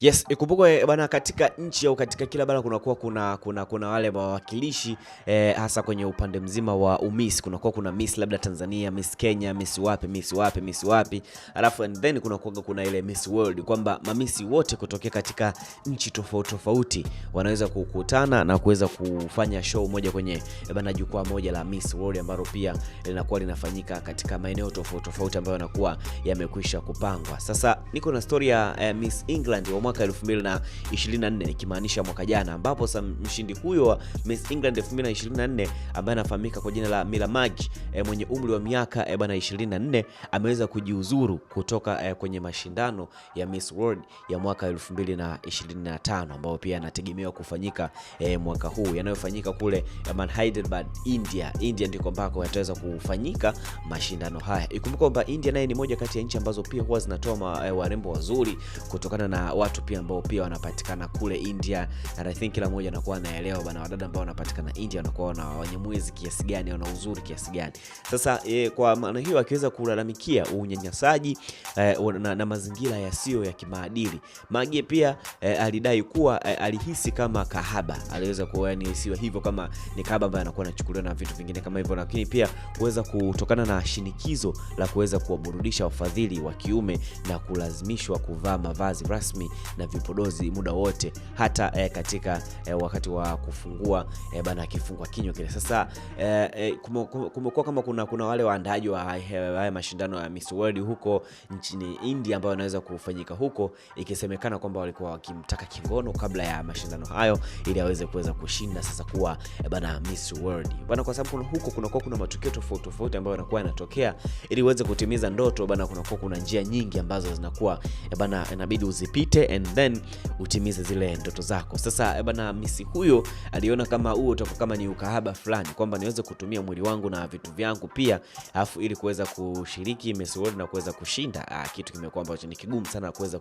Yes, ikumbukwe bana, katika nchi au katika kila bara kunakuwa kuna, kuna, kuna wale wawakilishi eh, hasa kwenye upande mzima wa umis kunakuwa kuna miss labda Tanzania, miss Kenya, miss wapi, miss wapi, miss wapi, alafu and then kunakuwa kuna ile miss world kwamba mamisi wote kutokea katika nchi tofauti tofauti wanaweza kukutana na kuweza kufanya show moja kwenye eh, bana jukwaa moja la miss world ambalo pia linakuwa linafanyika katika maeneo tofauti tofauti ambayo yanakuwa yamekwisha kupangwa. Sasa niko na story ya eh, miss England mwaka 2024 ikimaanisha mwaka jana, ambapo sa mshindi huyo wa Miss England 2024 ambaye anafahamika kwa jina la Mila Maggi e, mwenye umri wa miaka e, bana 24 ameweza kujiuzuru kutoka e, kwenye mashindano ya Miss World ya mwaka 2025 ambao pia anategemewa kufanyika e, mwaka huu yanayofanyika kule man Hyderabad, India. India ndiko ambako yataweza kufanyika mashindano haya. Ikumbuka kwamba India naye ni moja kati ya nchi ambazo pia huwa zinatoa e, warembo wazuri kutokana na watu watu pia ambao pia wanapatikana kule India, and I think kila mmoja anakuwa anaelewa bana, wadada ambao wanapatikana India wanakuwa na wanyamwezi kiasi gani, wana uzuri kiasi gani. Sasa e, kwa maana hiyo akiweza kulalamikia unyanyasaji e, na, na mazingira yasiyo ya kimaadili. magie pia e, alidai kuwa e, alihisi kama kahaba, aliweza kuwa yani siwa hivyo kama ni kahaba ambaye anakuwa anachukuliwa na vitu vingine kama hivyo, lakini pia kuweza kutokana na shinikizo la kuweza kuwaburudisha wafadhili wa kiume na kulazimishwa kuvaa mavazi rasmi na vipodozi muda wote, hata eh, katika eh, wakati wa kufungua eh, bana akifungua kinywa kile. Sasa eh, eh kumekuwa kama kuna, kuna wale waandaaji wa haya mashindano ya Miss World huko nchini India ambayo inaweza kufanyika huko, ikisemekana kwamba walikuwa wakimtaka kingono kabla ya mashindano hayo ili aweze kuweza kushinda sasa kuwa eh, bana Miss World bana, kwa sababu huko kunakuwa kuna matukio tofauti tofauti ambayo yanakuwa yanatokea ili uweze kutimiza ndoto bana, kunakuwa kuna njia nyingi ambazo zinakuwa eh, bana inabidi uzipite and then utimize zile ndoto zako. Sasa eh, bana, misi huyo aliona kama huo utakuwa kama ni ukahaba fulani, kwamba niweze kutumia mwili wangu na vitu vyangu pia, afu ili kuweza kushiriki Miss World na kuweza kushinda. Aa, ah, kitu kimekuwa ambacho ni kigumu sana kuweza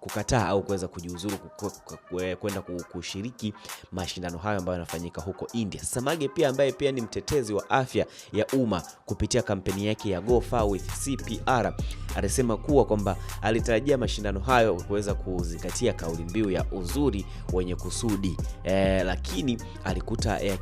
kukataa au kuweza kujiuzuru eh, kwenda kushiriki mashindano hayo ambayo yanafanyika huko India. Samage pia ambaye pia ni mtetezi wa afya ya umma kupitia kampeni yake ya Go Far with CPR alisema kuwa kwamba alitarajia mashindano hayo kuweza kuzingatia kauli mbiu ya uzuri wenye kusudi e, lakini alikuta eh,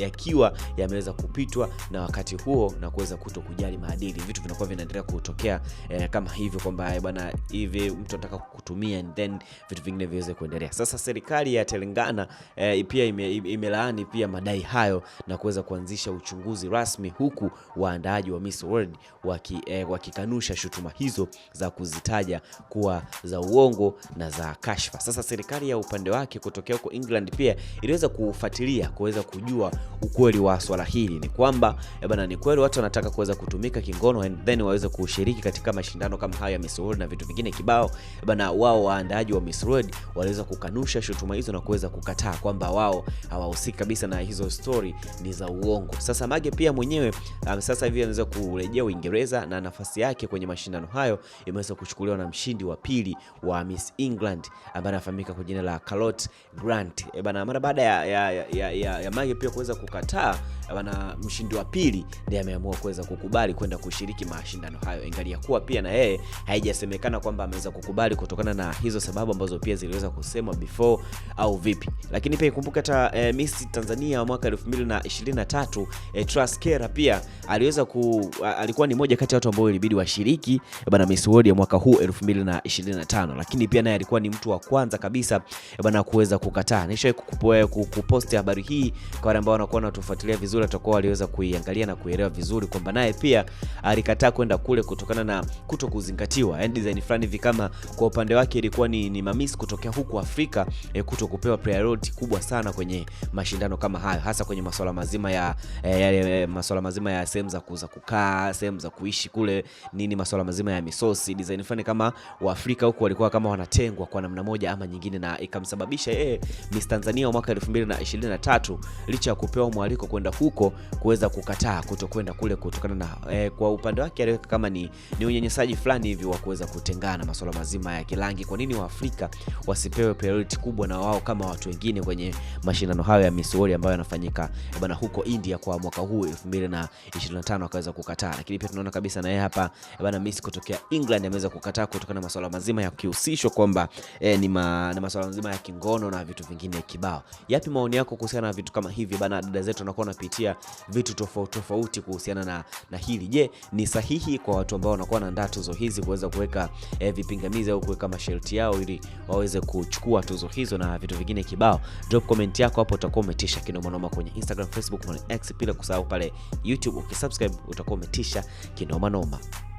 yakiwa e, yameweza kupitwa na wakati huo na kuweza kuto kujali maadili. Vitu vinakuwa vinaendelea kutokea e, kama hivyo kwamba bwana, hivi mtu anataka kukutumia and then vitu vingine viweze kuendelea. Sasa serikali ya Telangana e, pia ime, imelaani pia madai hayo na kuweza kuanzisha uchunguzi rasmi, huku waandaaji wa Miss World waki, e, wakikanusha shutuma hizo za kuzitaja kuwa za uongo na za kashfa. Sasa serikali ya upande wake kutokea huko England pia iliweza kufuatilia kuweza kujua ukweli wa swala hili, ni kwamba eh, bana, ni kweli watu wanataka kuweza kutumika kingono and then waweze kushiriki katika mashindano kama haya ya Miss World na vitu vingine kibao eh, bana. Wao waandaaji wa Miss World waliweza kukanusha shutuma hizo na kuweza kukataa kwamba wao hawahusiki kabisa na hizo story ni za uongo. Sasa Mage pia mwenyewe um, sasa hivi anaweza kurejea Uingereza na nafasi yake kwenye mashindano hayo imeweza kuchukuliwa na mshindi wa pili wa Miss England ambaye anafahamika kwa jina la Carlot Grant. E bana, mara baada ya, ya, ya, ya, ya Mange pia kuweza kukataa e bana, mshindi wa pili ndiye ameamua kuweza kukubali kwenda kushiriki mashindano hayo, ingalia kuwa pia na yeye haijasemekana kwamba ameweza kukubali kutokana na hizo sababu ambazo pia ziliweza kusemwa before au vipi. Lakini pia ikumbuke hata e, Miss Tanzania mwaka 2023 e, Trust Kera pia aliweza ku, alikuwa ni moja kati ya watu ambao ilibidi washiriki e bana Miss World ya mwaka huu 2025, lakini pia naye alikuwa ni mtu wa kwanza kwanza kabisa eh, bwana kuweza kukataa. Nisha eh, kuposti habari hii kwa wale ambao wanakuwa wanatufuatilia vizuri, watakuwa waliweza kuiangalia na kuielewa vizuri kwamba naye pia alikataa kwenda kule kutokana na kuto kuzingatiwa, yani design fulani hivi, kama kwa upande wake ilikuwa ni, ni mamisi kutokea huku Afrika eh, kuto kupewa priority kubwa sana kwenye mashindano kama hayo, hasa kwenye masuala mazima ya eh, eh masuala mazima ya sehemu za kuza kukaa, sehemu za kuishi kule nini, masuala mazima ya misosi, design fulani kama Waafrika huku walikuwa kama wanatengwa kwa namna moja ama nyingine, na ikamsababisha yeye Miss Tanzania mwaka 2023 licha ya kupewa mwaliko kwenda huko kuweza kukataa kutokwenda kule kutokana na e, kwa upande wake aliweka kama ni, ni unyanyasaji fulani hivi wa kuweza kutengana, masuala mazima ya kirangi. Kwa nini Waafrika wasipewe priority kubwa na wao kama watu wengine kwenye mashindano hayo ya Miss World ambayo yanafanyika eh, bwana huko India kwa mwaka huu 2025 akaweza kukataa, lakini pia tunaona kabisa na yeye hapa eh, bwana Miss kutokea England ameweza kukataa kutokana na masuala mazima ya kuhusishwa kwamba e, ni ma na, na masuala mazima ya kingono na vitu vingine kibao. Yapi maoni yako kuhusiana na vitu kama hivi bana? Dada zetu wanakuwa wanapitia vitu tofauti tofauti kuhusiana na, na hili. Je, ni sahihi kwa watu ambao wanakuwa wanaandaa tuzo hizi kuweza kuweka eh, vipingamizi au kuweka masharti yao ili waweze kuchukua tuzo hizo na vitu vingine kibao? Drop comment yako hapo, utakuwa umetisha kinomanoma kwenye Instagram, Facebook na X, bila kusahau pale YouTube. Ukisubscribe utakuwa umetisha kinomanoma.